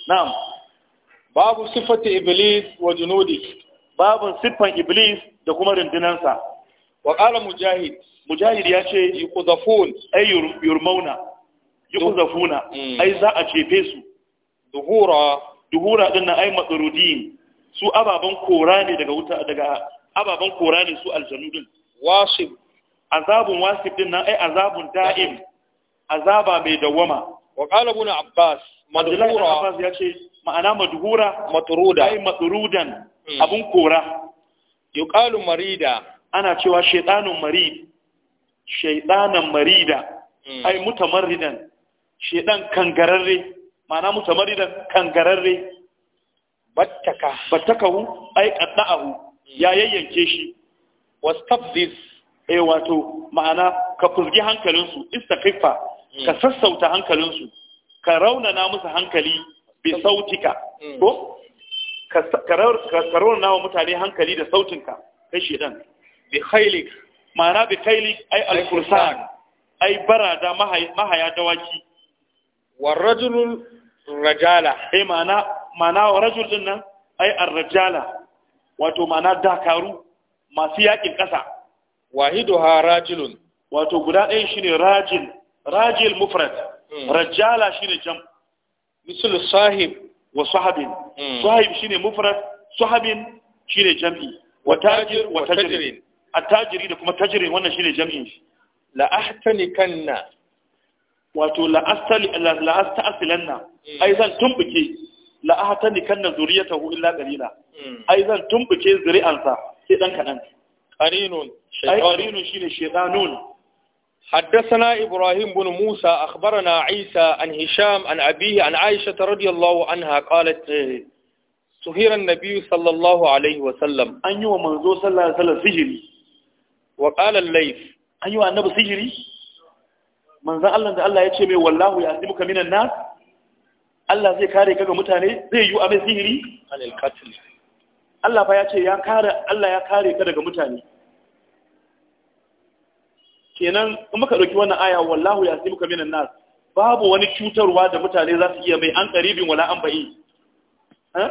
na'am babu sifati iblis wa junudi babun siffan iblis da kuma rundunansa wa qala mujahid mujahid ya ce yuqzafun ay yurmauna yuqzafuna mm. ai za a cefe su duhura duhura din nan ai matsarudin su ababan kora ne daga wuta daga ababan kora ne su aljanu din wasib azabun wasib din nan ai azabun da'im azaba mai dawama wa qala ibn abbas madhura abbas ya ce ma'ana madhura matruda ai matrudan Mm. abun kora yuqalu marida ana cewa shaytanun marid shaytanan marida mm. ai mutamarridan shaytan kangararre ma'ana mutamarridan kangararre battaka battakahu ai qadda'ahu mm. ya yayyanke shi wastabdis E eh, wato ma'ana ka fuzgi hankalinsu kaifa, ka sassauta hankalinsu ka raunana musu hankali bi sautika ko ka rauna wa mutane hankali da sautinka kai shedan bi khailik ma'ana bi khailik ai al-kursan ai barada mahaya dawaki wa rajulun rajala ai eh, ma'ana ma'ana wa rajul nan ai ar-rajala wato ma'ana dakaru masu yakin ƙasa. kasa wahiduha rajulun wato guda ɗaya shine rajil rajil mufrad hmm. rajala shi ne jam misal sahib wa sahabin hmm. sahib shine mufrad sahabin shine jam'i wa tajir wa tajirin at-tajiri da kuma tajirin wannan shine jam'in shi la ahtanikanna wato la astali la astasilanna hmm. ai zan tumbuke la ahtanikanna zuriyatahu illa qalila hmm. ai zan tumbuke zuri'ansa sai dan kadan qarinun shaytanun shine shaytanun حدثنا إبراهيم بن موسى أخبرنا عيسى عن هشام عن أبيه عن عائشة رضي الله عنها قالت سهر النبي صلى الله عليه وسلم أن يوم منذ صلى الله عليه وسلم سجري وقال الليف أن يوم النبي سجري من ذا الله الله يتشمي والله يعذبك من الناس Allah zai kare kaga mutane zai yi amin sihiri anil qatl Allah fa ya ce ya kare Allah ya kare ka daga mutane kenan in muka ɗauki wannan aya wallahu ya sibuka minan nas babu wani cutarwa da mutane za su iya mai an karibin wala an ba'i eh?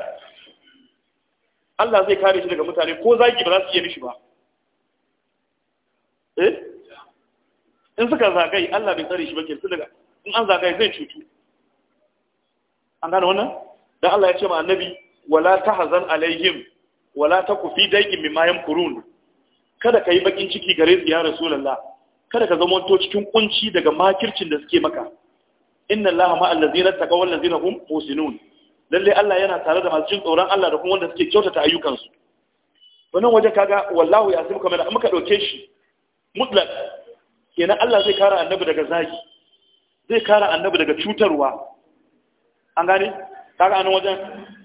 Allah zai kare shi daga mutane ko zagi ba za su iya mishi ba eh in suka zagai Allah bai tsare shi ba ke su daga in an zagai zai cutu an gane wannan dan Allah ya ce ma annabi wala tahzan alaihim wala takufi Daiki daiqin mimma yamkurun kada kai bakin ciki gare su ya rasulullah kada ka zama to cikin kunci daga makircin da suke maka inna allaha ma allazina taqaw ladina hum musinun lalle Allah yana tare da masu jin tsoron Allah da kuma wanda suke kyautata ayyukansu wannan waje kaga wallahu ya asibuka amma muka dauke shi mutlak kenan Allah zai kare annabi daga zagi zai kare annabi daga cutarwa an gane kaga anan wajen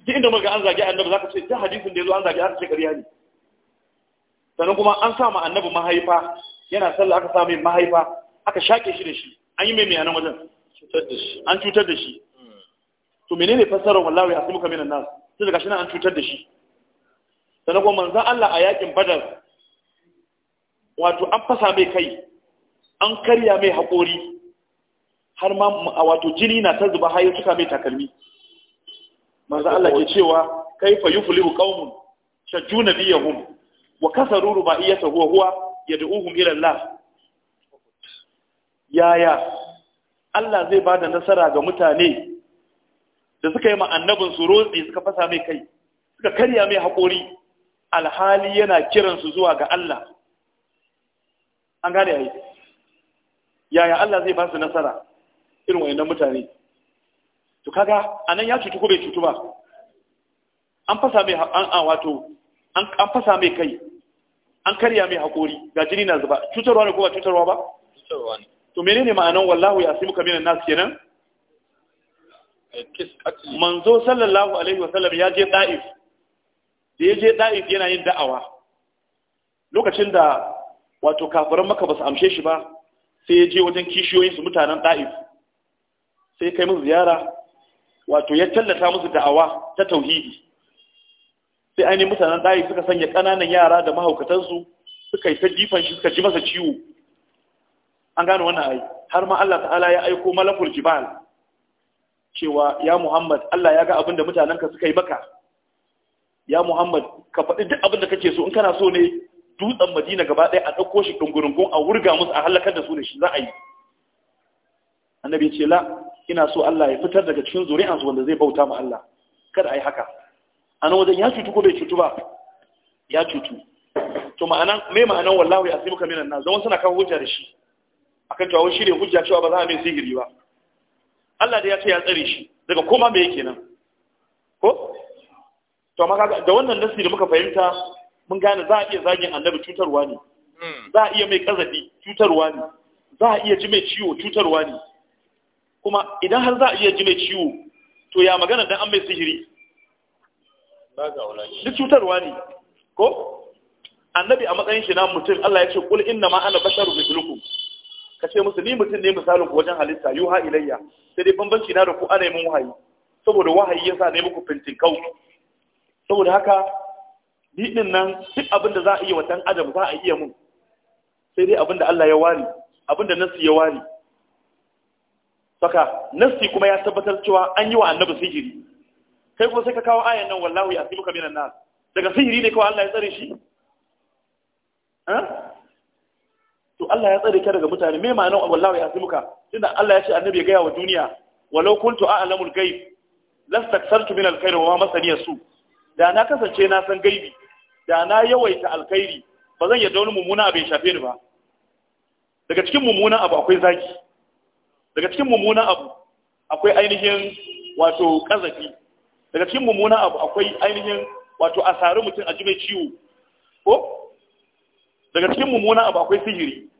duk inda muka an zagi annabi zaka ce duk hadisin da yazo an zagi har ce ƙarya ne sannan kuma an sa ma annabi mahaifa yana sallah aka samu mahaifa aka shaƙe shi da shi an yi mai mai wajen an cutar da shi hmm. to menene fassarar wallahi ya sumuka minan nan? sai daga shi nan an cutar da shi sannan kuma manzan Allah a yakin badar wato an fasa mai kai an karya mai haƙori har ma a wato jini na ta zuba hayo suka mai takalmi manzan Allah ke cewa kai kaifa yuflihu qaumun shajju nabiyahum wa kasaru rubaiyatahu wa huwa yad'uhum ila Allah yaya Allah zai bada nasara ga mutane da suka yi annabin su rotsi suka fasa mai kai suka karya mai haƙori alhali yana kiransu zuwa ga Allah an gane yayi yaya Allah zai ba su nasara irin wayannan mutane to kaga anan ya cutu ko bai cutu ba an fasa mai an wato an fasa mai kai an karya mai haƙori ga jini na zuba cutarwa ne ko ba cutarwa ba cutarwa ne to menene ma'anan wallahu ya asimuka minan nas kenan eh, manzo sallallahu alaihi wa sallam ya je da'if da ya je da'if yana yin da'awa lokacin da wato kafiran maka ba su amshe shi ba sai ya je wajen kishiyoyin su mutanen da'if sai kai musu ziyara wato ya tallata musu da'awa ta tauhidi sai ainihin mutanen ɗaya suka sanya ƙananan yara da mahaukatansu suka yi ta jifan shi suka ji masa ciwo an gane wannan ai har ma Allah ta'ala ya aiko malakul jibal cewa ya Muhammad Allah ya ga abin da mutanenka suka yi baka ya Muhammad ka faɗi duk abin da kake so in kana so ne dutsen Madina gaba ɗaya a ɗauko shi dungurungun a wurga musu a halakar da su da shi za a yi annabi ce la ina so Allah ya fitar daga cikin zuri'ansu wanda zai bauta ma Allah kada a yi haka a wajen ya cutu ko bai cutu ba ya cutu to ma'anan me ma'anan wallahi azimuka minan nas zaman suna kawo hujja da shi akan cewa shi ne hujja cewa ba za a mai sihiri ba Allah da ya ce ya tsare shi daga koma me yake nan ko to amma kaga da wannan nasi da muka fahimta mun gane za a iya zagin annabi cutarwa ne hmm. za a iya mai kazafi cutarwa ne za a iya ji mai ciwo cutarwa ne kuma idan har za a iya ji mai ciwo to ya magana dan an mai sihiri da cutarwa ne ko annabi a matsayin shi na mutum Allah ya ce kul inna ma ana basharu mithlukum ka ce musu ni mutum ne misalin ku wajen halitta yuha ilayya sai dai bambanci na da ku ana mun wahayi saboda wahayi yasa ne muku fintin kau saboda haka ni din nan duk abin da za a iya wa dan adam za a iya mun sai dai abin da Allah ya wari abin da nasi ya wari saka nasi kuma ya tabbatar cewa an yi wa annabi sihiri kai ko sai ka kawo ayan nan wallahu ya asibuka minan nas daga sihiri ne kawai Allah ya tsare shi to Allah ya tsare ka daga mutane me ma'anar wallahu ya asibuka tunda Allah ya ce annabi ya gaya wa duniya walau kuntu a'lamul ghaib lastaksartu min alkhairi wa ma masaniya su da na kasance na san gaibi da na yawaita alkhairi ba zan yadda wani mummuna abin shafe ni ba daga cikin mummuna abu akwai zaki daga cikin mummuna abu akwai ainihin wato kazafi daga cikin mummunan abu akwai ainihin wato a sari mutum a ji mai ciwo ko daga cikin mummunan abu akwai sihiri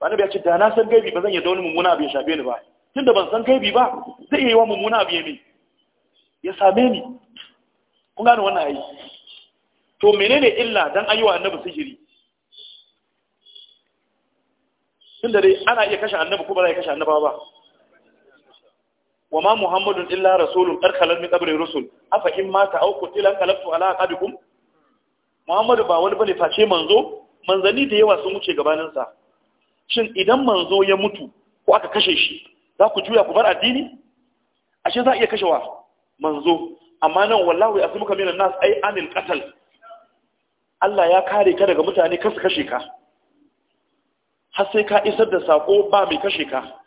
na biya ce da na san gaibi ba zan yadda wani mummunan abu ya shafe ni ba Tun da ban san gaibi ba zai yi wa mummunan abu ya mai ya same ni kun gane wannan ayi to menene illa dan ayi wa annabi sihiri Tun da dai ana iya kashe annabi ko ba za a kashe annaba ba wa ma muhammadun illa rasulun karkalar min kabrin rusul afa in mata au kutila kalabtu ala aqabikum muhammadu ba wani bane face manzo manzani da yawa sun wuce gabanin shin idan manzo ya mutu ko aka kashe shi za ku juya ku bar addini ashe za a iya kashewa manzo amma nan wallahi asmuka minan nas ai anil qatl Allah ya kare ka daga mutane kasu kashe ka har sai ka isar da sako ba mai kashe ka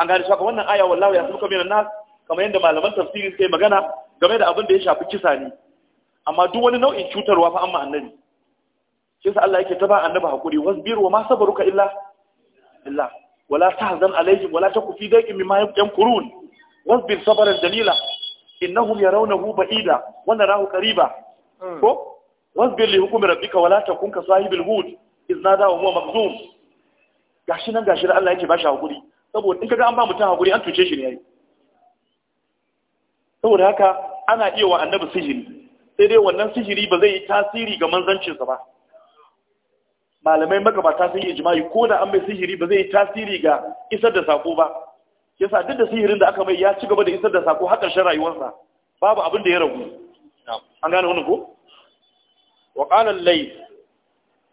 an gane shi wannan aya wallahi ya suka minan nas kamar yadda malaman tafsiri suka yi magana game da abin da ya shafi kisa ne amma duk wani nau'in cutarwa fa amma annabi shi sa Allah yake ta ba annabi hakuri wasbir wa ma sabaruka illa Illa. wala tahzan alaihim wala taku fi daiqin mimma yamkurun wasbir sabran dalila innahum yarawnahu ba'ida wa narahu qariba hmm. ko wasbir li hukmi rabbika wala takun ka sahibil hud idh nada wa huwa mazlum gashi nan gashi Allah yake ba shi hakuri saboda in kaga an ba mutum haƙuri, an tuce shi ne ya yi. saboda haka ana iya wa annabi sihiri sai dai wannan sihiri ba zai yi tasiri ga manzancinsa ba malamai magabata sun yi jima'i ko da an mai sihiri ba zai yi tasiri ga isar da sako ba yasa duk da sihirin da aka mai ya ci gaba da isar da sako haka shan rayuwarsa babu abin da ya ragu an gane wannan ko wa lai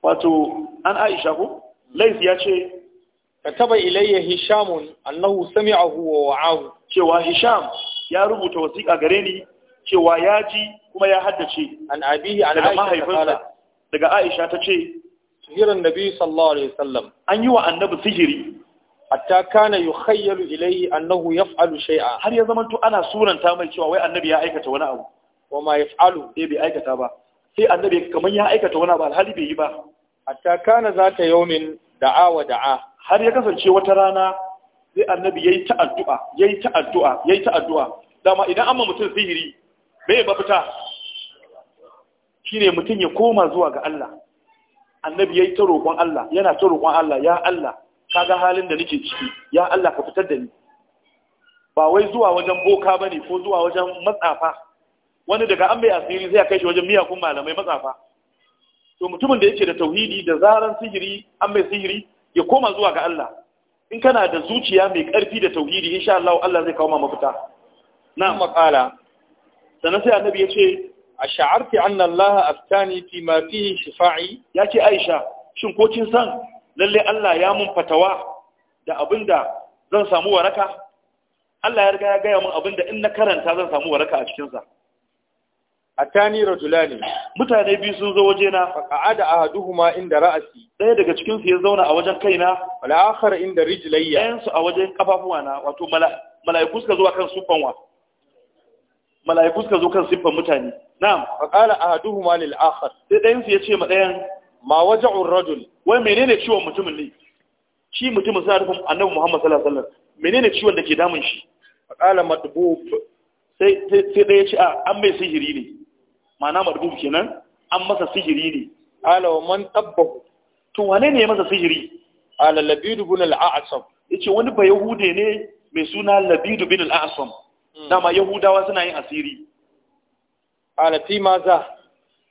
wato an aisha ko lai ya ce kataba ilayya hisham annahu sami'ahu wa wa'ahu cewa hisham ya rubuta wasiƙa gare ni cewa ya ji kuma ya haddace an abihi an daga mahaifinsa daga aisha ta ce sihirin nabi sallallahu alaihi wasallam an yi wa annabi sihiri hatta kana yukhayyalu ilayhi annahu yaf'alu shay'a har ya zama to ana sunanta mai cewa wai annabi ya aikata wani abu wa ma yaf'alu eh bai aikata ba sai annabi kamar ya aikata wani abu alhali bai yi ba hatta kana zata min da'a wa da'a har ya kasance wata rana sai annabi yayi ta addu'a yayi ta addu'a yayi ta addu'a dama idan amma mutum sihiri bai mafita shine mutum ya koma zuwa ga Allah annabi yayi ta roƙon Allah yana ta roƙon Allah ya Allah kaga halin da nake ciki ya Allah ka fitar da ni ba wai zuwa wajen boka bane ko zuwa wajen matsafa wani daga an bai asiri zai kai shi wajen miyakun malamai matsafa to mutumin da yake da tauhidi da zaran sihiri an bai sihiri ya koma zuwa ga Allah in kana da zuciya mai ƙarfi da tauhidi insha Allah Allah zai kawo ma mafita na maqala sanan sai annabi yace a sha'arti anna Allah aftani fi ma fihi shifa'i yace Aisha shin ko kin san lalle Allah ya mun fatawa da abinda zan samu waraka Allah ya riga ya gaya mun abinda in na karanta zan samu waraka a cikin sa atani rajulani mutane biyu sun zo wajena fa qa'ada ahaduhuma inda ra'asi daya daga cikin su ya zauna a wajen kaina wal akhar inda rijlayya ɗayan su a wajen na wato mala'iku suka zo kan wa mala'iku suka zo kan siffan mutane na'am fa qala ahaduhuma lil akhar sai ɗayan su ce ma ɗayan ma waja'u rajul wai menene ciwon mutumin ne shi mutumin sai rufin annabi Muhammad sallallahu alaihi wasallam menene ciwon da ke damun shi fa qala madbub sai sai ɗaya ce a an mai sihiri ne ma'ana mardud kenan an masa sihiri ne ala wa man tabbahu to wane ne ya masa sihiri ala labidu bin al-a'sam yace wani ba yahude ne mai suna Labidu bin al-a'sam hmm. dama yahudawa suna yin asiri ala fi maza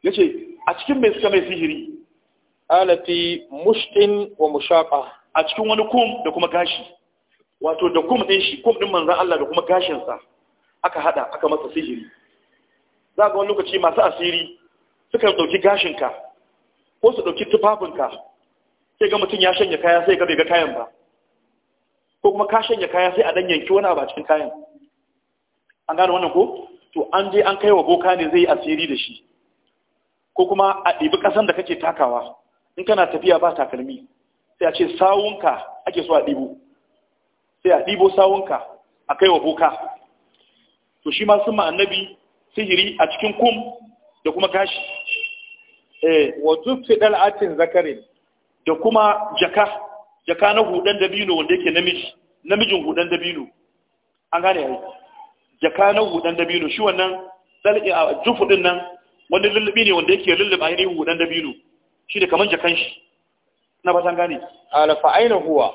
yace a cikin mai suka mai sihiri ala fi mushtin wa mushaqa a cikin wani kum da kuma gashi wato da kum din shi kum din manzon Allah da kuma gashin sa aka hada aka masa sihiri za ga wani lokaci masu asiri suka ɗauki gashinka ko su ɗauki tufafinka sai ga mutum ya shanya kaya sai ga bai ga kayan ba ko kuma ka shanya kaya sai a dan yanki wani abu a cikin kayan an gane wannan ko to an je an kai wa boka ne zai yi asiri da shi ko kuma a ɗibi ƙasan da kake takawa in kana tafiya ba takalmi sai a ce sawunka ake so a ɗibo sai a ɗibo sawunka a kai wa boka to shi ma sun ma annabi sihiri a cikin kum da kuma gashi eh wato fidal atin zakarin da kuma jaka jaka na hudan dabino wanda yake namiji namijin hudan dabino an gane yayi jaka na hudan dabino shi wannan dal'i a jufu din nan wani lullubi ne wanda yake lulluba ainihin hudan dabino shi da kaman jakan shi na batan gane ala fa aina huwa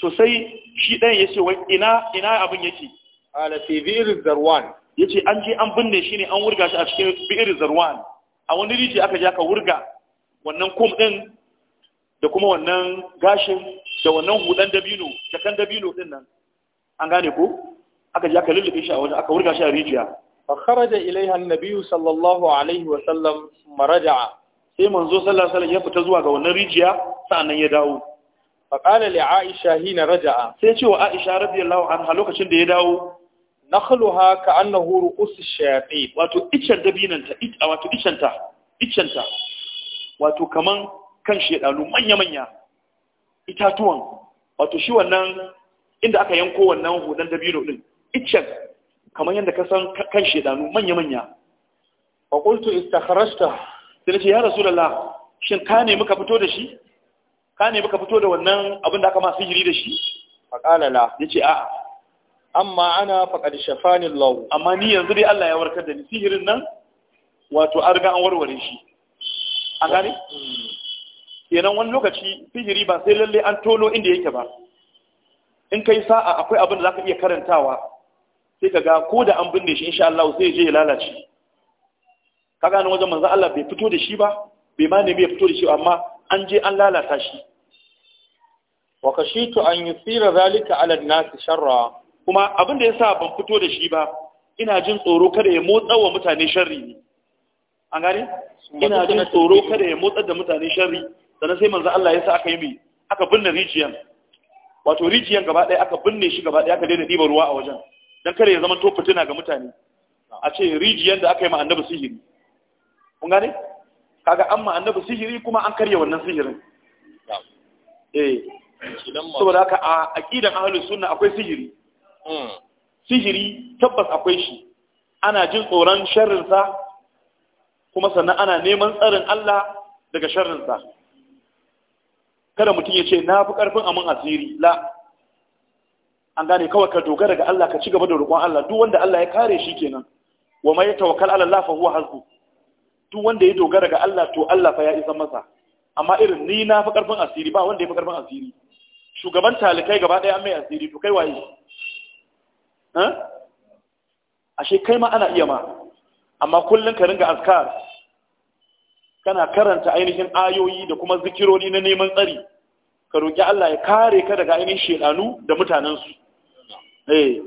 to sai shi dan yace wai ina ina abin yake ala fi bir zarwan ya ce an je an binne shi ne an wurga shi a cikin bi'ir zarwan a wani rijiya aka je aka wurga wannan kum ɗin da kuma wannan gashin da wannan hudan dabino da kan dabino ɗin nan an gane ko aka je aka lullube shi a wajen aka wurga shi a rijiya fa kharaja ilaiha annabi sallallahu alaihi wa sallam maraja'a sai manzo sallallahu alaihi wa ya fita zuwa ga wannan rijiya sa'annan ya dawo faƙalar da aisha hina raja'a sai ce wa aisha radiyallahu anha lokacin da ya dawo nakhluha ka annahu ru'us ash-shayatin wato iccen dabinanta wato iccenta iccenta wato kaman kan shedanu manya manya itatuwan wato shi wannan inda aka yanko wannan hudan dabino din iccen kaman yanda ka san kan shedanu manya manya fa qultu istakhrajta sai ce ya rasulullah shin ka ne muka fito da shi ka ne muka fito da wannan abin da aka ma sihiri da shi fa qala la yace a'a amma ana faƙar shafanin lahu amma ni yanzu dai Allah ya warkar da ni sihirin nan wato an riga an warware shi A gane kenan wani lokaci sihiri ba sai lalle an tono inda yake ba in kai sa'a akwai abin da za ka iya karantawa sai ka ga ko da an binne shi insha Allah sai je ya lalace kaga nan wajen manzo Allah bai fito da shi ba bai ma nemi ya fito da shi amma an je an lalata shi wa kashitu an yusira zalika ala an-nas sharra kuma abin da ya sa ban fito da shi ba ina jin tsoro kada ya motsa wa mutane sharri ne an gane ina jin tsoro kada ya motsa da mutane sharri na sai manzo Allah ya sa aka yi mai aka binne rijiyan wato rijiyan gaba ɗaya aka binne shi gaba ɗaya aka daina ɗiba ruwa a wajen dan kada ya zama to fitina ga mutane a ce rijiyan da aka yi ma annabi sihiri kun gane kaga an ma annabi sihiri kuma an karya wannan sihirin eh saboda haka a aqidan ahlus sunna akwai sihiri Mm. sihiri tabbas akwai shi ana jin tsoron sharrinsa kuma sannan ana neman tsarin Allah daga sharrinsa kada mutum ya ce na fi ƙarfin amin asiri la an gane kawai ka dogara ga Allah ka ci gaba da roƙon Allah duk wanda Allah ya kare shi kenan wa mai tawakkal ala Allah fa huwa hasbu duk wanda ya dogara ga Allah to Allah fa ya isa masa amma irin ni na fi ƙarfin asiri ba wanda ya fi ƙarfin asiri shugaban talikai gaba ɗaya an mai asiri to kai waye ashe kai ma ana iya ma amma kullum ka ringa azkar kana karanta ainihin ayoyi da kuma zikirori na neman tsari ka roƙi Allah ya kare ka daga ainihin shedanu da mutanensu eh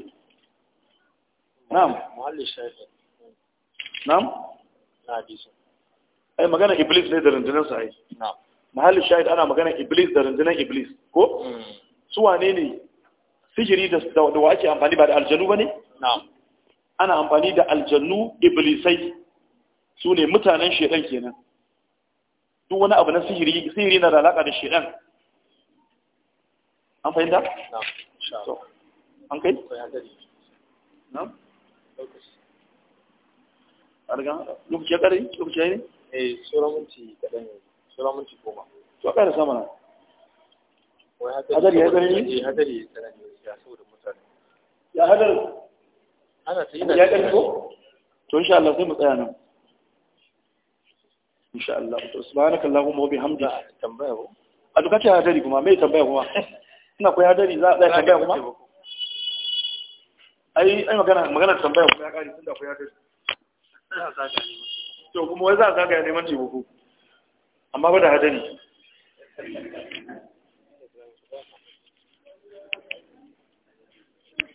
ai magana iblis ne da rundunar sa ai na'am muhalli ana magana iblis da rundunar iblis ko hmm. su wane ne sihiri da da ake amfani ba da aljannu bane na'am ana amfani da aljannu iblisai su ne mutanen shedan kenan duk wani abu na sihiri sihiri na da alaka da shedan an fahimta? na'am an kai? na'am lokaci ya ƙare? lokaci ya yi ne? eh tsoron minti kadan ne tsoron minti goma to a ƙare sama na Eh, hadari ya gani hadari ya ya saboda mutane ya hadari ana ta ya to insha Allah sai mu tsaya nan insha Allah to subhanaka allahumma wa bihamdika tambaya ko a duka ce hadari kuma me tambaya kuma ina koyi hadari za a tambaya kuma ai ai magana magana tambaya kuma ya kare tunda koyi hadari to kuma wai za a zagaya neman taimako amma ba da hadari